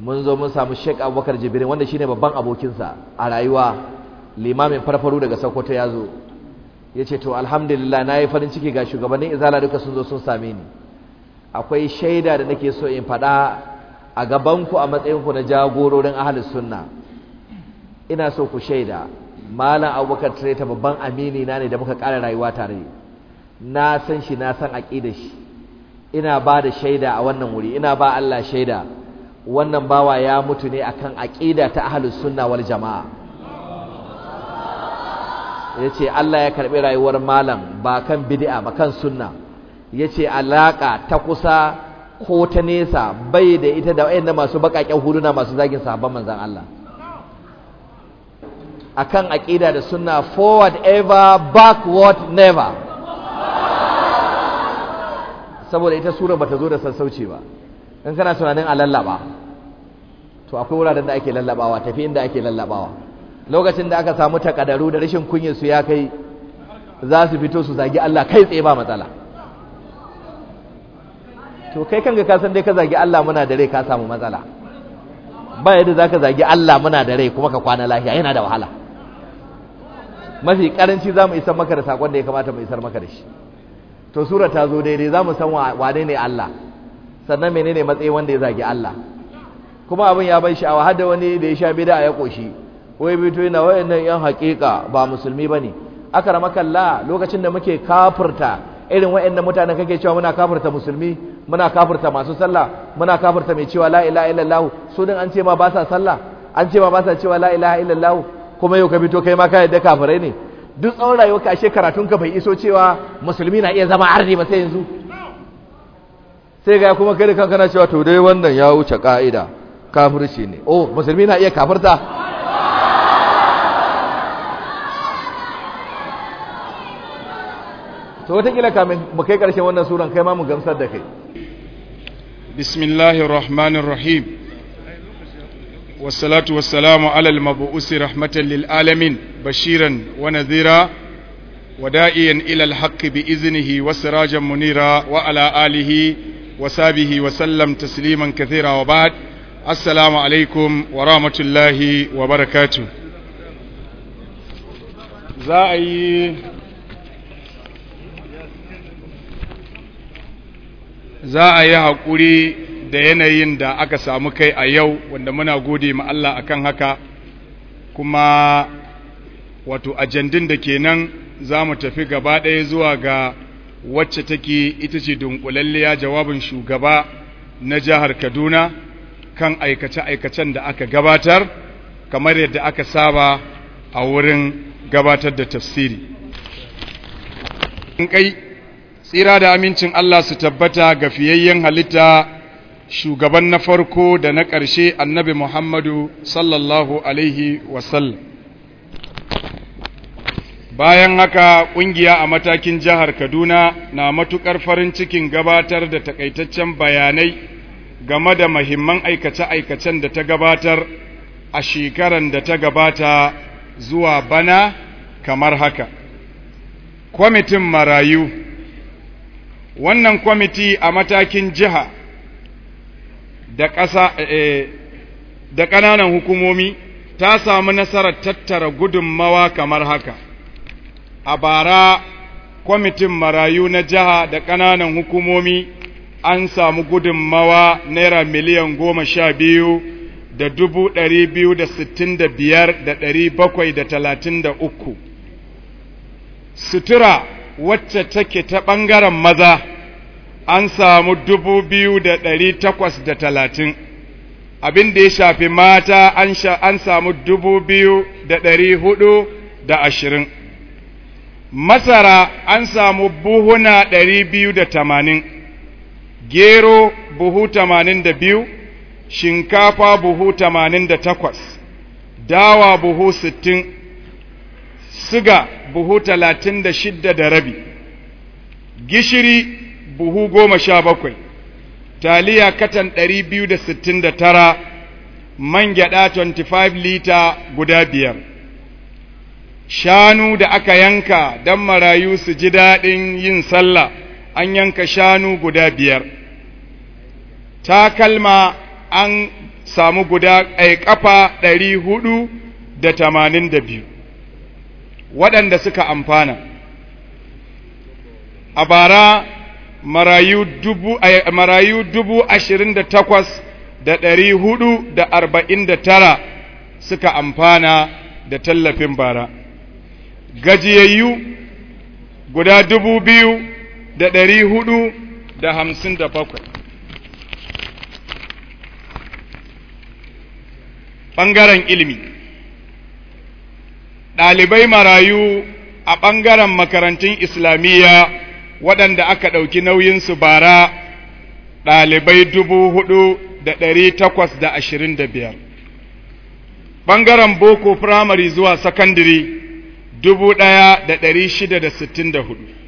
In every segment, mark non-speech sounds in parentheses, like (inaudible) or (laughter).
mun zo mun samu Sheikh Abubakar Jibirin, wanda shine babban abokinsa a rayuwa limamin farfaru daga Sokoto ya zo yace to alhamdulillah yi farin ciki ga shugabannin izala duka sun zo sun same ni akwai shaida da nake so in faɗa a gabanku a matsayin ku na jagororin ahlus sunna ina so ku shaida malam Abubakar ta babban amini na ne da muka kara rayuwa tare na san shi na san aqidar shi ina ba da shaida a wannan wuri ina ba Allah shaida wannan bawa ya mutu ne akan aƙida ta ahlus sunna wal jamaa yace Allah ya karɓi rayuwar malam ba kan bid'a ba kan sunna yace alaka ta kusa ko ta nesa bai da ita da wayannan masu baƙaƙen huduna masu zagin sahabban manzon Allah akan aƙida da sunna forward ever backward never saboda ita sura bata zo da sassauci ba in kana tunanin alalla ba to akwai wuraren da ake lallabawa tafi inda ake lallabawa lokacin da aka samu takadaru da rashin kunyar su ya kai za su fito su zagi Allah kai tsaye ba matsala to kai kanka ka san dai ka zagi Allah muna da rai ka samu matsala ba yadda zaka zagi Allah muna da rai kuma ka kwana lafiya yana da wahala mafi karanci za mu isar maka da sakon da ya kamata mu isar maka da shi to sura ta zo daidai za mu san wane ne Allah sannan menene matsayi wanda ya zagi Allah kuma abin ya bai sha'awa hada da wani da ya sha bida ya koshi wai bito yana wayannan yan haƙiƙa ba musulmi bane aka kalla lokacin da muke kafirta irin wayannan mutanen kake cewa muna kafirta musulmi muna kafirta masu sallah muna kafirta mai cewa la ilaha illallah su din an ce ma ba sa sallah an ce ma ba sa cewa la ilaha illallah kuma yau ka bito kai ma ka yadda kafirai ne duk tsawon rayuwarka ashe ka bai iso cewa musulmi na iya zama arni ba sai yanzu sai ga kuma kai da kanka na cewa to dai wannan ya wuce ka'ida kafirci ne oh musulmi na iya kafirta to watakila kamin mu kai karshen wannan suran kai ma mu gamsar da kai bismillahir rahmanir rahim wassalatu wassalamu ala al-mab'usi rahmatan lil alamin bashiran wa nadhira wa da'iyan ila al-haqqi bi iznihi wa sirajan munira wa ala alihi wa sahbihi wa sallam tasliman kathira wa ba'd assalamu alaikum wa rahmatullahi wa barakatu za a yi za a yi haƙuri da yanayin da aka samu kai a yau wanda muna gode ma Allah akan haka kuma wato ajandun da kenan za mu tafi gaba ɗaya zuwa ga wacce take ita ce dunkulalliya jawabin shugaba na jihar Kaduna kan aikace-aikacen da aka gabatar kamar yadda aka saba a wurin gabatar da tafsiri in kai tsira da amincin Allah su tabbata ga fiyayyen halitta shugaban na farko da na ƙarshe annabi Muhammadu sallallahu alaihi wasallam bayan haka ƙungiya a matakin jihar Kaduna na matuƙar farin cikin gabatar da takaitaccen bayanai game da mahimman aikace-aikacen da ta gabatar a shekaran da ta gabata zuwa bana kamar haka. Kwamitin marayu Wannan kwamiti a matakin jiha da ƙasa eh, eh, da ƙananan hukumomi ta samu nasarar tattara gudunmawa kamar haka. A bara kwamitin marayu na jiha da ƙananan hukumomi an samu gudunmawa naira miliyan goma sha biyu da dubu ɗari biyu da sittin da biyar da ɗari bakwai da talatin da uku sutura wacce take ta ɓangaren maza an samu dubu biyu da ɗari takwas da talatin abin da ya shafi mata an samu dubu biyu da ɗari hudu da ashirin masara an samu buhuna ɗari biyu da tamanin gero buhu tamanin da biyu shinkafa buhu tamanin da takwas dawa buhu sittin siga buhu talatin da shidda da rabi gishiri buhu goma sha bakwai taliya katan ɗari biyu da sittin da tara man gyaɗa 25 lita guda biyar shanu da aka yanka don marayu su ji daɗin yin sallah an yanka shanu guda biyar takalma an samu guda ai eh, kafa ɗari hudu da tamanin da biyu waɗanda suka amfana a bara marayu dubu, eh, ashirin da takwas da ɗari hudu da arba'in da tara suka amfana da tallafin bara gajiyayyu guda dubu biyu da ɗari hudu da hamsin da bakwai ɓangaren ilimi ɗalibai marayu a ɓangaren makarantun islamiyya waɗanda aka ɗauki nauyinsu bara ɗalibai dubu hudu da ɗari takwas da ashirin da biyar ɓangaren boko firamare zuwa sakandire dubu ɗaya da ɗari shida da sittin da hudu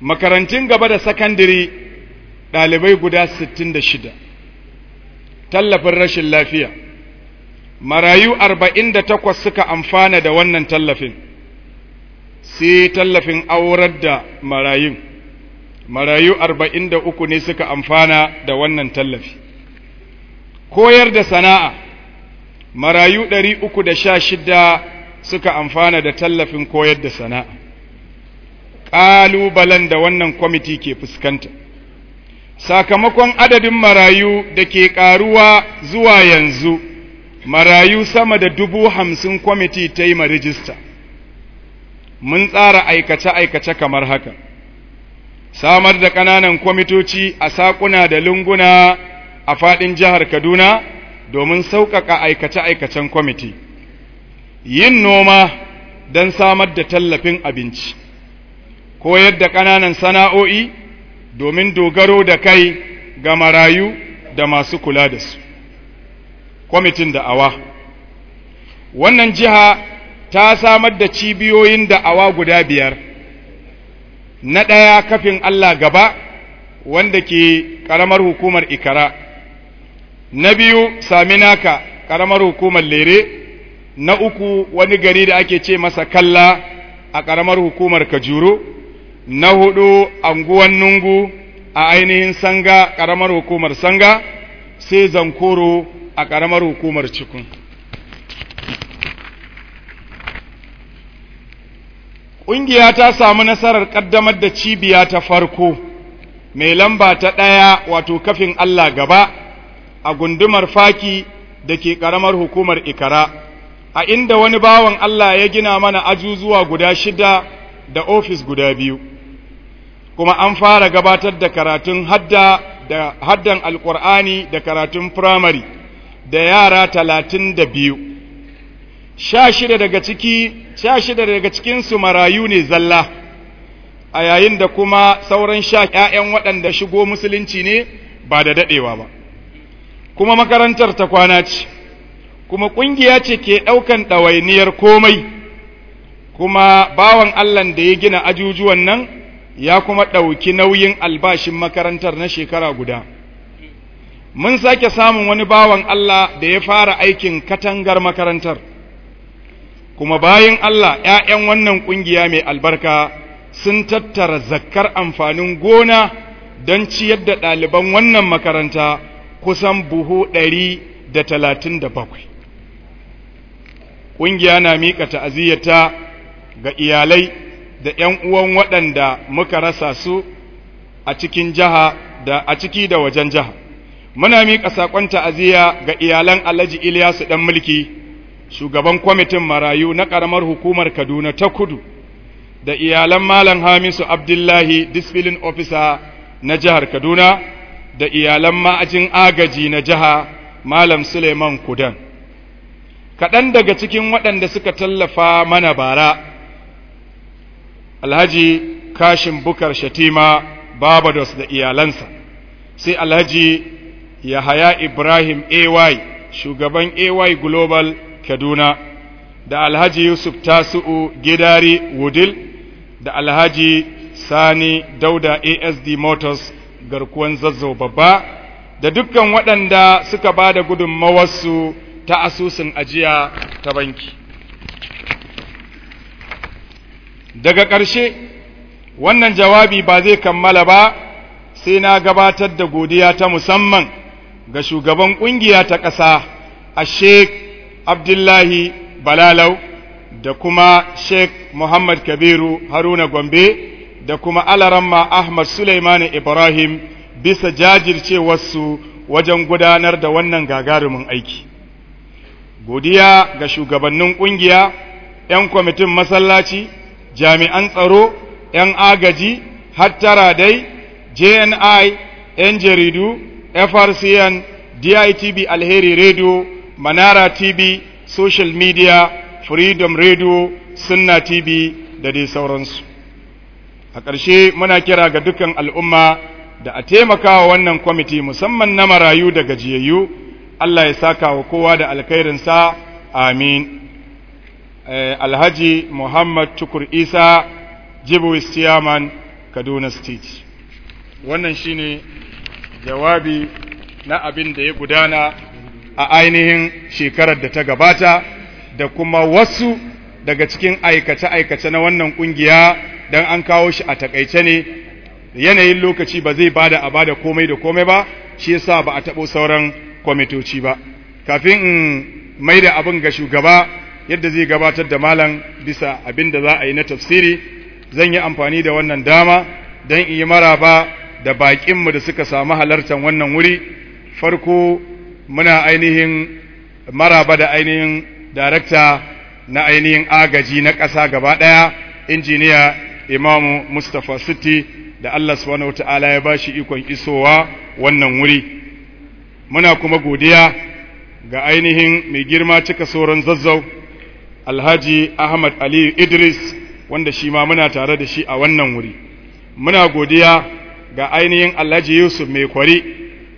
makarantun gaba da sakandare ɗalibai guda 66 tallafin rashin lafiya marayu 48 suka amfana da wannan tallafin sai tallafin aurar da marayu marayu 43 ne suka amfana da wannan tallafi koyar da sana'a marayu 316 suka amfana da tallafin koyar da sana'a ƙalubalen da wannan kwamiti ke fuskanta sakamakon adadin marayu da ke ƙaruwa zuwa yanzu marayu sama da dubu hamsin kwamiti ta yi marijista mun tsara aikace-aikace kamar haka samar da ƙananan kwamitoci a saƙuna da lunguna a faɗin jihar kaduna domin sauƙaƙa aikace-aikacen kwamiti yin noma don samar da tallafin abinci koyar da ƙananan sana'o'i domin dogaro da kai ga marayu da masu kula da su kwamitin da'awa wannan jiha ta samar da cibiyoyin da'awa guda biyar na ɗaya kafin Allah gaba wanda ke ƙaramar hukumar ikara na biyu saminaka ƙaramar hukumar lere na uku wani gari da ake ce masa kalla a ƙaramar hukumar kajuru na hudu anguwan nungu a ainihin sanga ƙaramar hukumar sanga sai zankoro a ƙaramar hukumar cikin. ƙungiya ta samu nasarar ƙaddamar da cibiya ta farko mai lamba ta ɗaya wato kafin Allah gaba a gundumar faki da ke ƙaramar hukumar ikara a inda wani bawan Allah ya gina mana ajuzuwa guda shida da ofis guda biyu kuma an fara gabatar da karatun hadda da haddan alkur'ani da karatun firamare da yara talatin da biyu sha shida daga ciki sha shida daga cikinsu marayu ne zalla a yayin da kuma sauran sha ƴaƴan waɗanda shigo musulunci ne ba da daɗewa ba kuma makarantar ta kwana ce kuma ƙungiya ce ke ɗaukan ɗawainiyar komai kuma bawan allah da ya gina ajujuwan nan ya kuma ɗauki nauyin albashin makarantar na shekara guda mun sake samun wani bawan Allah da ya fara aikin katangar makarantar kuma bayan Allah ‘ya'yan wannan ƙungiya mai albarka sun tattara zakkar amfanin gona don ciyar da ɗaliban wannan makaranta kusan buhu ɗari da talatin da bakwai ƙungiya na miƙa ta'aziyyata ga iyalai da ‘yan uwan waɗanda muka rasa su a cikin jiha da a ciki da wajen jiha. Muna miƙa saƙon ta'aziyya ga iyalan Alhaji Ilyasu ɗan mulki, shugaban kwamitin marayu na ƙaramar hukumar Kaduna ta kudu, da iyalan Malam Hamisu Abdullahi Disfilin Ofisa na jihar Kaduna, da iyalan ma'ajin agaji na jiha Malam Suleiman Kudan. Kaɗan daga cikin waɗanda suka tallafa mana bara. alhaji kashin bukar shatima barbados da iyalansa sai alhaji yahaya ibrahim ay shugaban ay global kaduna da alhaji yusuf tasu'u gidari wudil da alhaji sani dauda asd motors garkuwan zazzau babba da dukkan waɗanda suka ba da gudunmawarsu ta asusun ajiya ta banki daga ƙarshe wannan jawabi ba zai kammala ba sai na gabatar da godiya ta musamman ga shugaban ƙungiya ta ƙasa a sheik abdullahi balalau da kuma sheik muhammad kabiru haruna gombe da kuma alaramma ahmad suleimani ibrahim bisa jajircewarsu wajen gudanar da wannan gagarumin aiki godiya ga shugabannin ƙungiya 'yan kwamitin masallaci jami'an tsaro 'yan agaji hattara dai jni 'yan jaridu frcn ditb alheri radio manara tv social media freedom radio sunna tv da dai sauransu a ƙarshe muna kira ga dukkan al'umma da a taimakawa wannan kwamiti musamman na marayu da gajiyayyu Allah ya saka wa kowa da alkhairinsa amin Eh, alhaji muhammad tukur isa jibu chairman kaduna state wannan shine jawabi na abin da ya gudana a ainihin shekarar da ta gabata da kuma wasu daga cikin aikace-aikace na wannan kungiya don an kawo shi a takaice ne yanayin lokaci ba zai bada a bada komai da komai ba shi yasa ba a taɓo sauran kwamitoci ba kafin in mai da abin ga shugaba yadda zai gabatar da malam bisa abin da za a yi na tafsiri zan yi amfani da wannan dama don in yi maraba da baƙinmu da suka samu halartar wannan wuri farko muna ainihin maraba da ainihin darakta na ainihin agaji na ƙasa gaba ɗaya injiniya imamu mustapha city da allah subhanahu wataala ya ba shi ikon isowa wannan wuri muna kuma godiya ga ainihin mai girma cika sauran zazzau alhaji ahmad aliyu idris wanda shi ma muna tare da shi a wannan wuri muna godiya ga ainihin alhaji yusuf mai kwari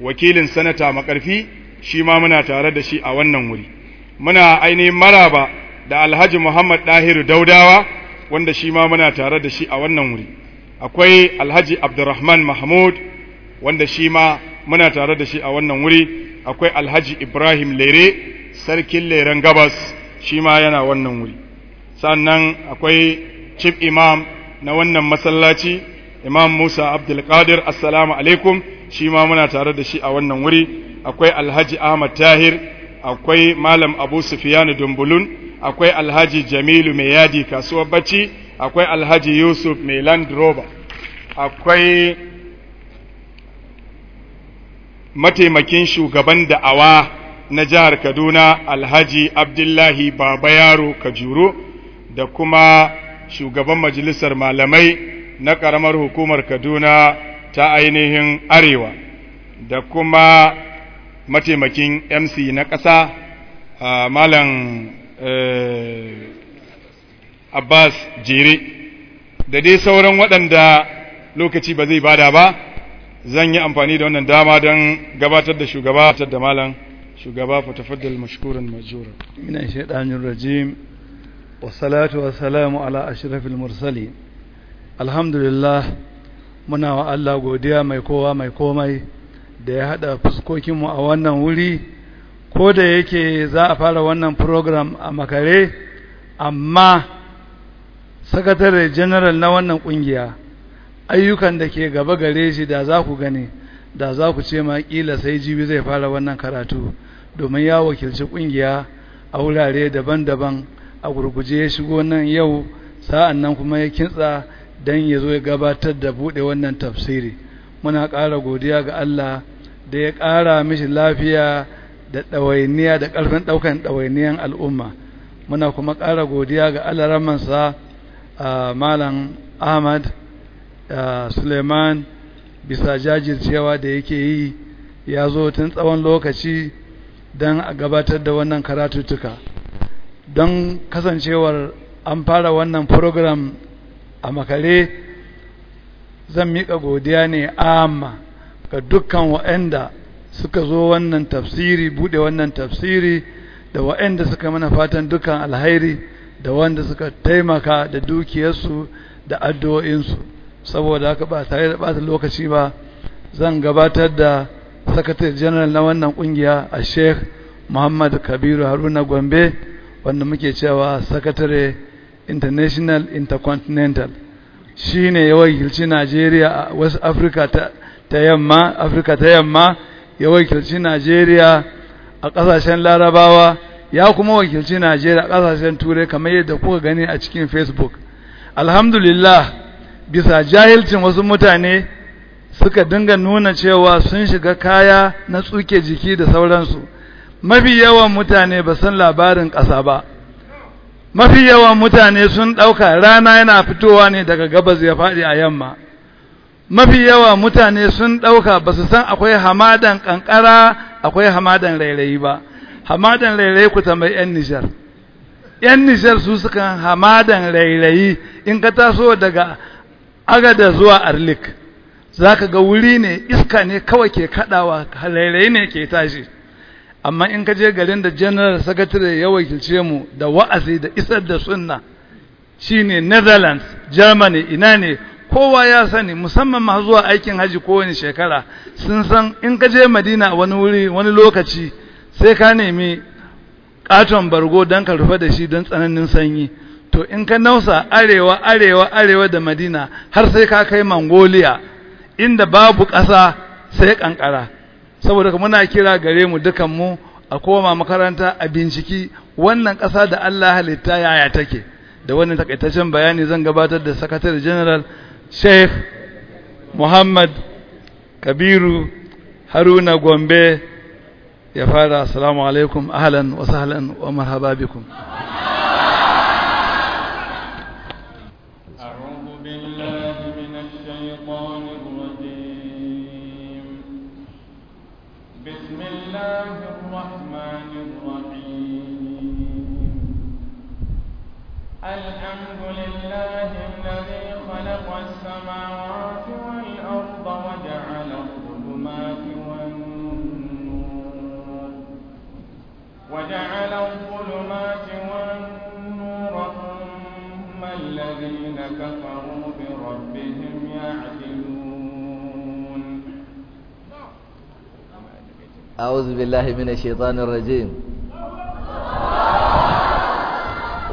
wakilin sanata makarfi shi ma muna tare da shi a wannan wuri muna ainihin maraba da alhaji muhammad dahiru daudawa wanda shi ma muna tare da shi a wannan wuri akwai alhaji abdurrahman mahmud wanda shi ma muna tare da shi a wannan wuri akwai alhaji ibrahim lere sarkin leren gabas shi ma yana wannan wuri sannan akwai chief imam na wannan masallaci imam musa abdulkadir assalamu alaikum shi ma muna tare da shi a wannan wuri akwai alhaji ahmad tahir akwai malam abu sufiyanu dumbulun akwai alhaji jamilu mai yadi kasuwar bacci akwai alhaji yusuf mai land rover akwai mataimakin shugaban da'awa na jihar Kaduna Alhaji Abdullahi Baba Yaro Kajuru da kuma shugaban majalisar malamai na ƙaramar hukumar Kaduna ta ainihin Arewa da kuma mataimakin MC na ƙasa Malam e, Abbas Jere da dai sauran waɗanda lokaci ba zai bada ba zan yi amfani da wannan dama don gabatar da shugaba da malam. shugaba fa tafaddal mashkuran majura min ash-shaytanir rajim wa salamu ala ashrafil mursali alhamdulillah muna wa Allah godiya mai kowa mai komai da ya hada fuskokin mu a wannan wuri ko da yake za a fara wannan program a makare amma sakatare general na wannan kungiya ayyukan da ke gaba gare shi da za ku gani da za ku ce ma kila sai jibi zai fara wannan karatu domin ya wakilci kungiya a wurare daban-daban a gurguje ya shigo nan yau sa'an nan kuma ya kintsa don ya zo ya gabatar da buɗe wannan tafsiri muna ƙara godiya ga Allah da ya ƙara mishi lafiya da ɗawainiya da ƙarfin ɗaukan ɗawainiyan al'umma muna kuma ƙara godiya ga Allah ramansa malam Ahmad Suleiman bisa jajircewa da yake yi ya zo tun tsawon lokaci don a gabatar da wannan karatuttuka don kasancewar an fara wannan program a makare zan miƙa godiya ne amma ga dukkan wa'anda suka zo wannan tafsiri buɗe wannan tafsiri da wa'anda suka mana fatan dukkan alhairi da wanda suka taimaka da dukiyarsu da addu'o'insu saboda haka ba tare da ɓata lokaci ba zan gabatar da sakatare general na wannan kungiya a sheikh muhammad kabiru haruna gombe wanda muke cewa sakatare international intercontinental shi ne ya wakilci nigeria a west africa ta yamma africa ta yamma ya wakilci najeriya a kasashen larabawa ya kuma wakilci najeriya a kasashen turai kamar yadda kuka gani a cikin facebook alhamdulillah bisa jahilcin wasu mutane suka dinga nuna cewa sun shiga kaya na tsuke jiki da sauransu mafi yawan mutane ba san labarin ƙasa ba mafi yawan mutane sun ɗauka rana yana fitowa ne daga gabas ya faɗi a yamma mafi yawa mutane sun ɗauka ba su san akwai hamadan ƙanƙara akwai hamadan rairayi ba hamadan rairayi ku tambayi 'yan nishar 'yan nijar su sukan hamadan rairayi in ka taso daga agada zuwa arlik za ka ga wuri ne iska ne kawai ke kaɗawa halayyai ne ke tashi amma in ka je garin da general secretary ya wakilce mu da wa'azi da isar da sunna ne netherlands germany ina ne kowa ya sani musamman ma zuwa aikin haji kowane shekara sun san in ka je madina wani wuri wani lokaci sai ka nemi katon bargo don ka rufe da shi don tsananin sanyi to in ka nausa arewa arewa arewa da madina har sai ka kai mongolia inda babu ƙasa sai ƙanƙara saboda muna kira gare mu dukan mu a koma makaranta a binciki wannan ƙasa da Allah halitta yaya take da wannan takaitaccen bayani zan gabatar da sakatare general sheikh muhammad kabiru haruna gombe ya fara assalamu alaikum ahlan wa sahlan wa marhaba bikum الحمد لله الذي خلق السماوات والأرض وجعل الظلمات والنور وجعل الظلمات والنور ثم الذين كفروا بربهم يعدلون أعوذ بالله من الشيطان الرجيم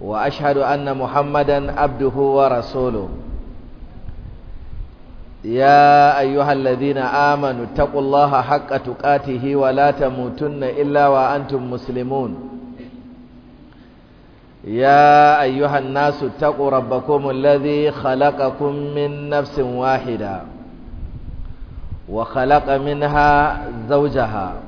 wa ashhadu anna muhammadan abduhu wa rasuluhu ya ayyuhalladhina amanu taƙullaha haƙƙa tuqatihi wa la tamutunna illa wa antum muslimun ya ayyuhan nasu taqu rabbakum alladhi khalaqakum min nafsin wahida wa khalaqa minha zaujaha.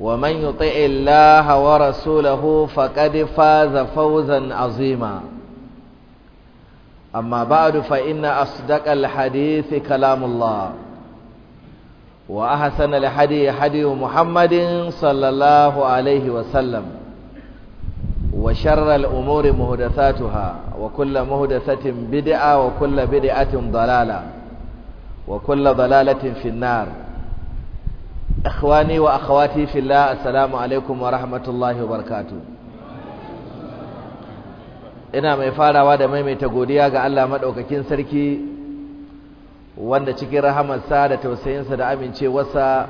ومن يطع الله ورسوله فقد فاز فوزا عظيما أما بعد فإن أصدق الحديث كلام الله وأحسن الحديث حديث محمد صلى الله عليه وسلم وشر الأمور مهدثاتها وكل مهدثة بدعة وكل بدعة ضلالة وكل ضلالة في النار ikhwani wa akhawati fillah assalamu alaikum wa rahmatullahi wa ina mai farawa da maimaita godiya ga Allah madaukakin sarki wanda cikin rahamarsa da tausayinsa da amincewarsa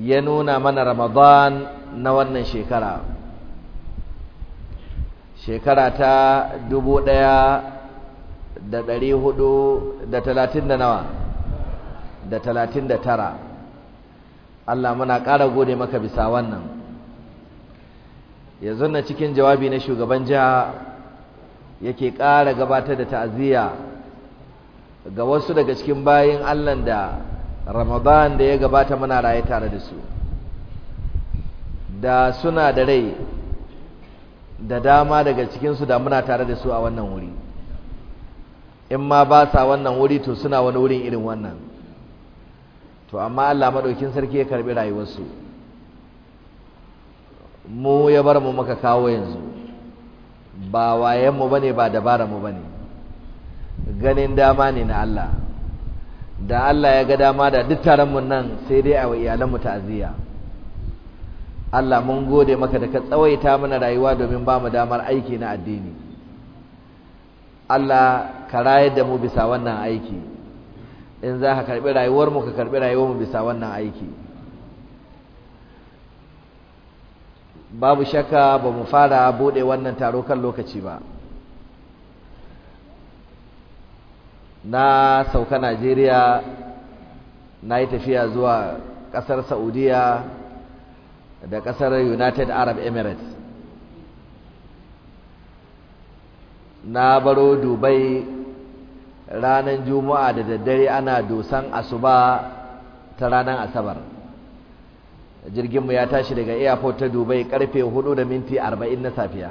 ya nuna mana Ramadan na wannan shekara shekara ta dubu ɗaya da ɗari hudu da talatin da nawa da talatin da tara Allah muna ƙara gode maka bisa wannan yanzu na cikin jawabi na shugaban jiha yake ƙara gabatar da ta'aziyya ga wasu daga cikin bayin Allah da Ramadan da ya gabata muna raye tare da su da suna da rai da dama daga cikinsu da muna tare da su a wannan wuri in ma ba sa wannan wuri to suna wani wurin irin wannan to amma Allah madaukin sarki ya karbi rayuwarsu mu ya bar mu maka kawo yanzu ba wayen mu bane ba dabara mu bane ganin dama ne na Allah da Allah ya ga dama da duk taron mu nan sai dai a iyalan mu ta'aziyya Allah mun gode maka da ka tsawaita mana rayuwa domin ba mu damar aiki na addini Allah ka rayar da mu bisa wannan aiki in za ka karɓi rayuwarmu ka karɓi rayuwarmu bisa wannan aiki babu shakka ba mu fara buɗe wannan taro kan lokaci ba na sauka najeriya na yi tafiya zuwa ƙasar saudiya da ƙasar united arab emirates na baro dubai ranar juma'a da daddare ana dosan asuba ta ranar asabar jirginmu ya tashi daga airport ta dubai karfe 4 da minti 40 na safiya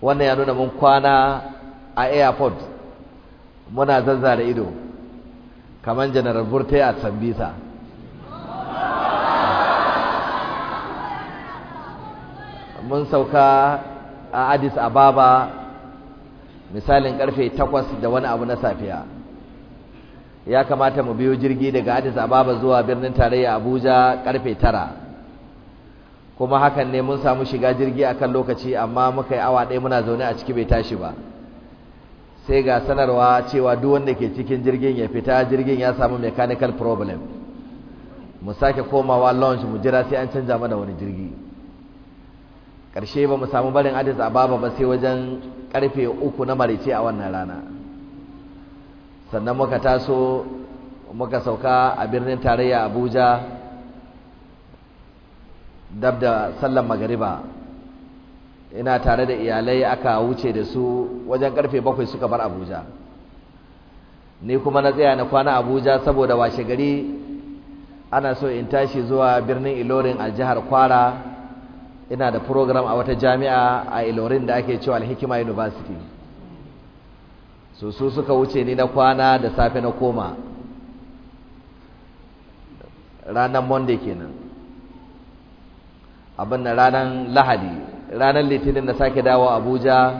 wannan ya nuna mun kwana a airport muna zazzara ido kamar janaral burtai a sambisa mun sauka a addis ababa misalin karfe 8 da wani abu na safiya ya kamata mu biyo jirgi daga Addis Ababa zuwa birnin tarayya Abuja karfe 9. kuma hakan ne mun samu shiga jirgi akan lokaci amma muka yi awa ɗaya muna zaune a ciki bai tashi ba sai ga sanarwa cewa duk wanda ke cikin jirgin ya fita jirgin ya samu mechanical problem mu sake komawa launch mu jira sai an canja mana wani jirgi ƙarshe ba mu samu barin a baba ba sai wajen ƙarfe uku na marice a wannan rana sannan muka taso muka sauka a birnin tarayya abuja dab da sallan magariba ina tare da iyalai aka wuce da su wajen ƙarfe bakwai suka bar abuja ni kuma na tsaya na kwana abuja saboda washe gari ana so in tashi zuwa birnin ilorin a jihar kwara ina da program a wata jami'a a ilorin da ake cewa alhikima university so su suka wuce ni na kwana da safe na koma ranar monday kenan abin da ranar lahadi ranar litinin na sake dawo abuja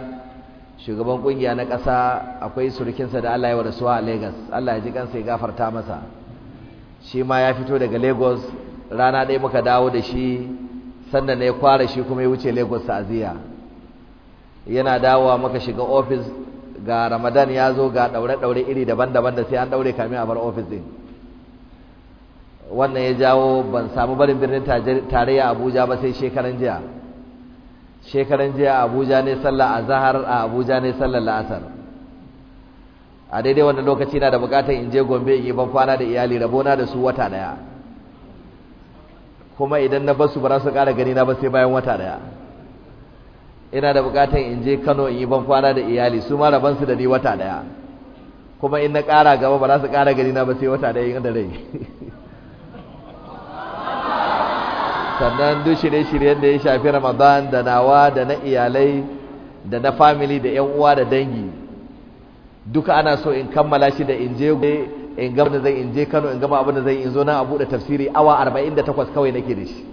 shugaban kungiya na ƙasa akwai surukinsa da allah ya wa rasuwa a lagos allah ya ji kansa ya gafarta masa shi ma ya fito daga lagos rana ɗaya muka dawo da shi sannan ne ya kwara shi kuma ya wuce Lagos aziya. yana dawowa maka shiga ofis ga Ramadan ya zo ga daure-daure iri daban-daban da sai an daure kamin a bar ofis din wannan ya jawo ban samu barin birnin tarayya Abuja ba sai shekaran jiya shekaran jiya Abuja ne sallar zahar a Abuja ne sallar la'asar a daidai wannan lokaci na da bukatar in je Gombe in yi ban kwana da iyali rabona da su wata daya kuma idan na basu ba za su ƙara gani na ba sai bayan wata daya ina da bukatan in je Kano in yi ban kwana da iyali su ma su da ni wata daya kuma in na ƙara gaba ba za su ƙara gani na ba sai wata daya in da rai (laughs) sannan duk shirye-shiryen da ya shafi Ramadan da nawa da na iyalai da na family da 'yan uwa da dangi duka ana so in kammala shi da in je in gaba da zai in je Kano in gaba abin da zai in zo na a bude tafsiri awa 48 kawai nake da shi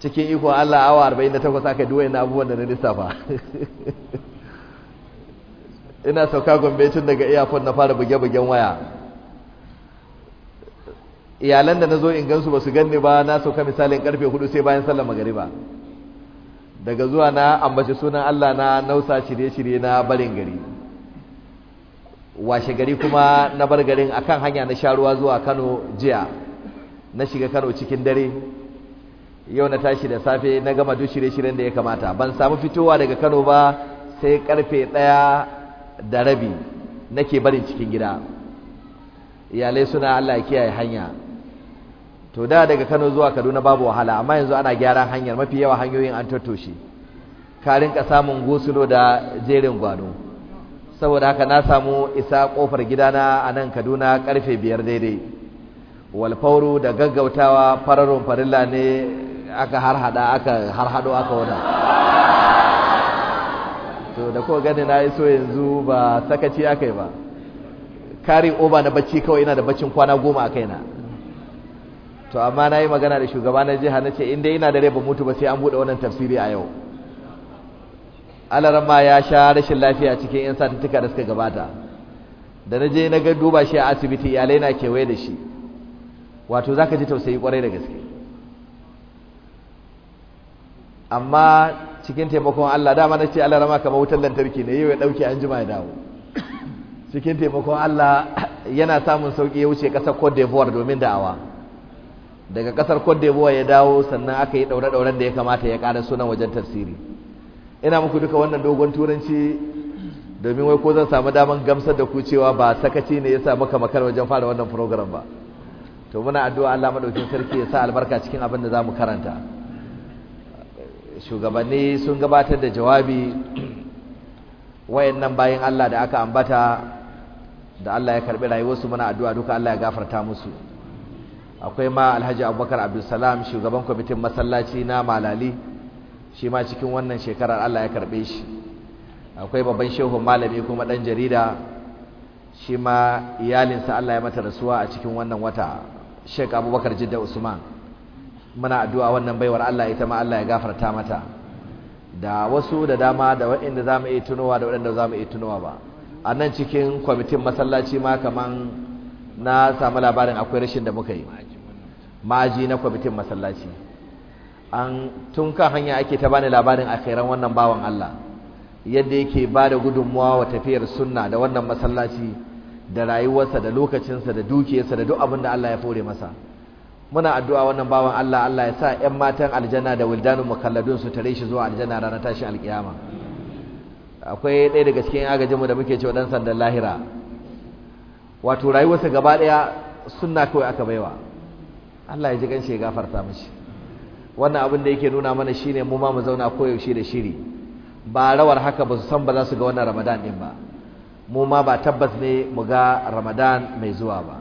cikin iko Allah awa 48 aka duwai na abubuwan da na lissafa (laughs) ina sauka gombe daga iyakon na fara buge-bugen waya iyalan da na zo in gansu ba su ganni ba na sauka misalin karfe hudu sai bayan sallar magariba daga zuwa na ambaci sunan Allah na nausa shirye-shirye na barin gari washe gari kuma na bar garin akan hanya na sharuwa zuwa Kano jiya na shiga Kano cikin dare yau na tashi da safe na gama duk shirye-shiryen da ya kamata ban samu fitowa daga Kano ba sai karfe ɗaya da rabi nake barin cikin gida iyalai suna Allah ya kiyaye hanya to da daga Kano zuwa Kaduna babu wahala amma yanzu ana gyaran hanyar mafi yawa hanyoyin an tattoshe ka samun gosulo da jerin gwado saboda haka na samu isa kofar gidana a nan kaduna karfe biyar daidai walfauru da gaggautawa fararun farilla ne aka harhada aka harhado aka wada to da kowa gani na iso yanzu ba sakaci aka yi ba kari oba na bacci kawai ina da baccin kwana goma a kaina to amma na yi magana da shugaba na jiha na ce inda ina da rai ba mutu ba sai an buɗe wannan tafsiri a yau alarama ya sha rashin lafiya cikin yan satuttuka da suka gabata da na je na ga duba shi a asibiti iyalai na kewaye da shi wato za ka ji tausayi kwarai da gaske amma cikin taimakon Allah dama na ce alarama kamar wutar lantarki ne yau ya ɗauke an jima ya dawo cikin taimakon Allah yana samun sauƙi ya wuce ƙasar Cote d'Ivoire domin da'awa daga ƙasar Cote d'Ivoire ya dawo sannan aka yi ɗaure-ɗauren da ya kamata ya ƙara sunan wajen tasiri. ina muku duka wannan dogon turanci domin wai ko zan samu daman gamsar da ku cewa ba sakaci ne ya sa maka makar wajen fara wannan program ba to muna addu'a Allah madaukin sarki ya sa albarka cikin abin da zamu karanta shugabanni sun gabatar da jawabi wayannan bayan Allah da aka ambata da Allah ya karbi rayuwarsu muna addu'a duka Allah ya gafarta musu akwai ma Alhaji Abubakar Abdulsalam shugaban kwamitin masallaci na Malali shi ma cikin wannan shekarar Allah ya karbe shi akwai babban shehu malami kuma dan jarida shi ma iyalinsa Allah ya mata rasuwa a cikin wannan wata shek Abubakar Jidda Usman muna addu'a wannan baiwar Allah ita ma Allah ya gafarta mata da wasu da dama da waɗanda za mu iya tunowa da waɗanda za mu iya tunowa ba a nan cikin kwamitin masallaci ma kaman na samu labarin akwai rashin da muka yi ma'aji na kwamitin masallaci an tun kan hanya ake ta bani labarin akhiran wannan bawan Allah yadda yake ba da gudunmuwa wa tafiyar sunna da wannan masallaci da rayuwarsa da lokacinsa da dukiyarsa da duk abin da Allah ya fore masa muna addu'a wannan bawan Allah Allah ya sa 'yan matan aljanna da wildanun mukalladun su tare shi zuwa aljanna ranar tashin alkiyama akwai ɗaya daga cikin agajinmu da muke cewa dan sandan lahira wato rayuwarsa gaba ɗaya sunna kawai aka baiwa Allah ya ji ganshi ya gafarta mishi wannan abin da yake nuna mana shine mu ma mu zauna koyaushe da shiri ba rawar haka ba su san ba za su ga wannan ramadan din ba mu ma ba tabbas ne mu ga ramadan mai zuwa ba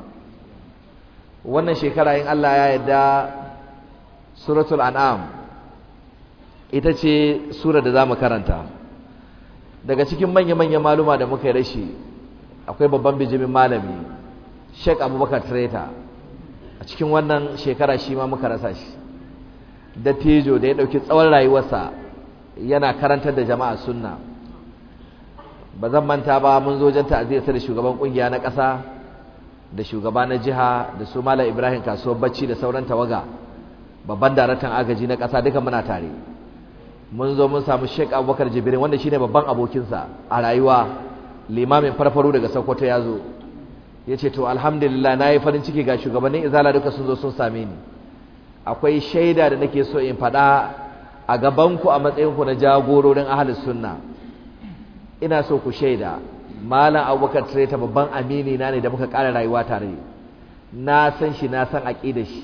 wannan shekara in Allah ya yarda suratul an'am ita ce surar da zamu karanta daga cikin manya-manyan maluma da muka yi rashi akwai babban bijimin malami Sheikh Abubakar traitor a cikin wannan shekara shi ma muka rasa shi da tejo da ya ɗauki tsawon rayuwarsa yana karantar da jama'a sunna ba zan manta ba mun zo janta aziyarsa da shugaban ƙungiya na ƙasa da shugaba na jiha da su malam ibrahim kasuwar bacci da sauran tawaga babban daratan agaji na ƙasa duka muna tare mun zo mun samu sheik abubakar jibirin wanda shine babban abokinsa a rayuwa limamin farfaro daga sokoto ya zo ya ce to alhamdulillah na yi farin ciki ga shugabannin izala duka sun zo sun same ni akwai shaida da nake so in faɗa a gabanku a matsayin ku na jagororin ahalus sunna ina so ku shaida malam abubakar tireta babban amini na ne da muka ƙara rayuwa tare na san shi na san aƙida shi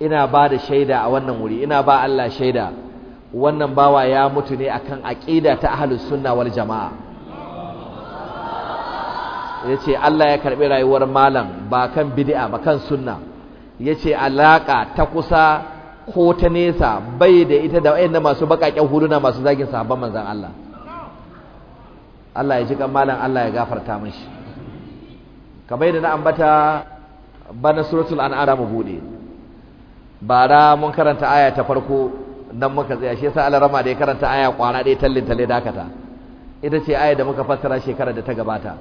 ina ba da shaida a wannan wuri ina ba Allah shaida wannan bawa ya mutu ne akan aƙida ta ahlus sunna wal jama'a yace Allah ya karbi rayuwar malam ba kan bid'a ba kan sunna ya ce alaƙa ta kusa ko ta nesa bai da ita da wayan da masu baƙaƙen huluna masu zagin sahabban manzan Allah Allah ya ji kamalan Allah ya gafarta mashi kamar yadda na ambata bana suratul an'ara mu bude bara mun karanta aya ta farko nan muka tsaya shi yasa alarama da ya karanta aya kwana ɗaya tallin talle dakata ita ce aya da muka fassara shekarar da ta gabata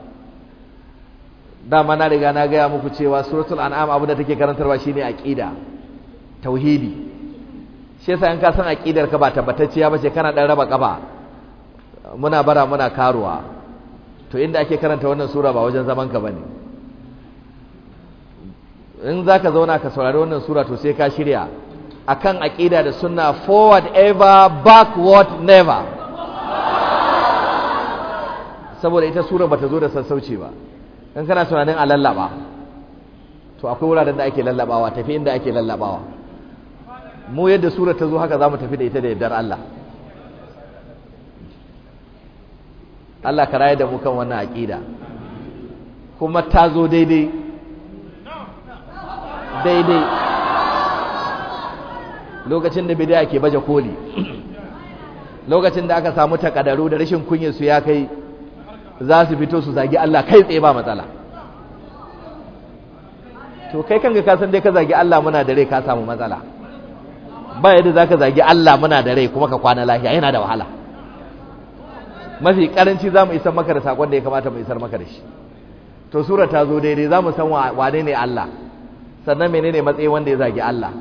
dama na riga na gaya muku cewa suratul an'am abu da take karantarwa shine aqida tauhidi shi yasa in ka san aqidar ka ba tabbatacciya ba ce kana dan raba kafa muna bara muna karuwa to inda ake karanta wannan sura ba wajen zaman ka bane in zaka zauna ka saurari wannan sura to sai ka shirya akan aqida da sunna forward ever backward never saboda ita sura bata zo da sassauci ba in kana tunanin a lallaba to akwai wuraren da ake lallabawa tafi inda ake lallabawa mu yadda surar ta zo haka za mu tafi da ita da yardar Allah Allah ka raye da mu kan wannan aqida kuma ta zo daidai daidai lokacin da bidaya ke baje koli lokacin da aka samu takadaru da rashin kunyarsu ya kai za su fito su zagi Allah kai tsaye ba matsala to kai kanka ka san dai ka zagi Allah muna da rai ka samu matsala ba yadda zaka zagi Allah muna da rai kuma ka kwana lafiya yana da wahala mafi karanci za mu isar maka da sakon da ya kamata mu isar maka da shi to sura ta zo daidai za mu san wane ne Allah sannan menene matsayi wanda ya zagi Allah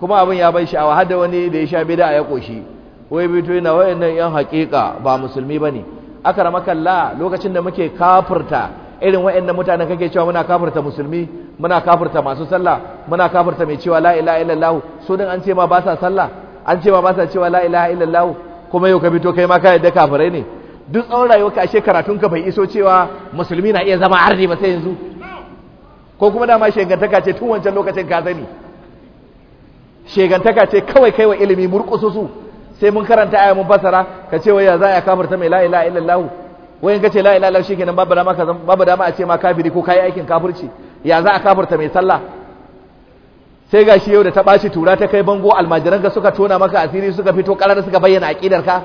kuma abin ya bai sha'awa har da wani da ya sha bida a ya koshi wai bito yana wayannan yan haƙiƙa ba musulmi bane aka kalla lokacin da muke kafirta irin waɗanda mutanen kake cewa muna kafirta musulmi muna kafirta masu sallah muna kafirta mai cewa la ilaha illallah su din an ce ma ba sa sallah an ce ma ba sa cewa la ilaha illallah kuma yau ka to kai ma ka yadda kafirai ne duk tsawon rayuwarka karatun ka bai iso cewa musulmi na iya zama arni ba sai yanzu ko kuma dama shegantaka ce tun wancan lokacin ka sani shegantaka ce kawai kai wa ilimi murƙusu su sai mun karanta ayyar mun fasara ka ce waya za a kafirta mai la’ila ilaha wayan ka ce la’ila ilaha shi kenan babu dama a ce ma kafiri ko kayi aikin kafirci ya za a kafirta mai sallah sai ga shi yau da ta ɓaci tura ta kai bango almajiran ka suka tona maka asiri suka fito karar suka bayyana aqidar ka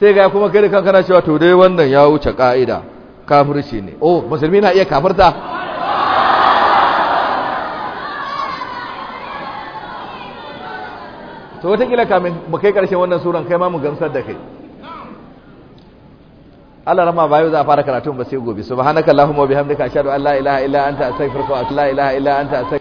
sai ga kuma kai da kankana cewa to dai wannan ya wuce ka'ida kafirci ne oh musulmi na iya kafirta to wataƙila kamin mu kai karshen wannan suran kai ma mu gamsar da kai Allah rama bayu za a fara karatun ba sai gobe subhanaka allahumma wa bihamdika ashhadu an la ilaha illa anta astaghfiruka wa atubu ilaika illa anta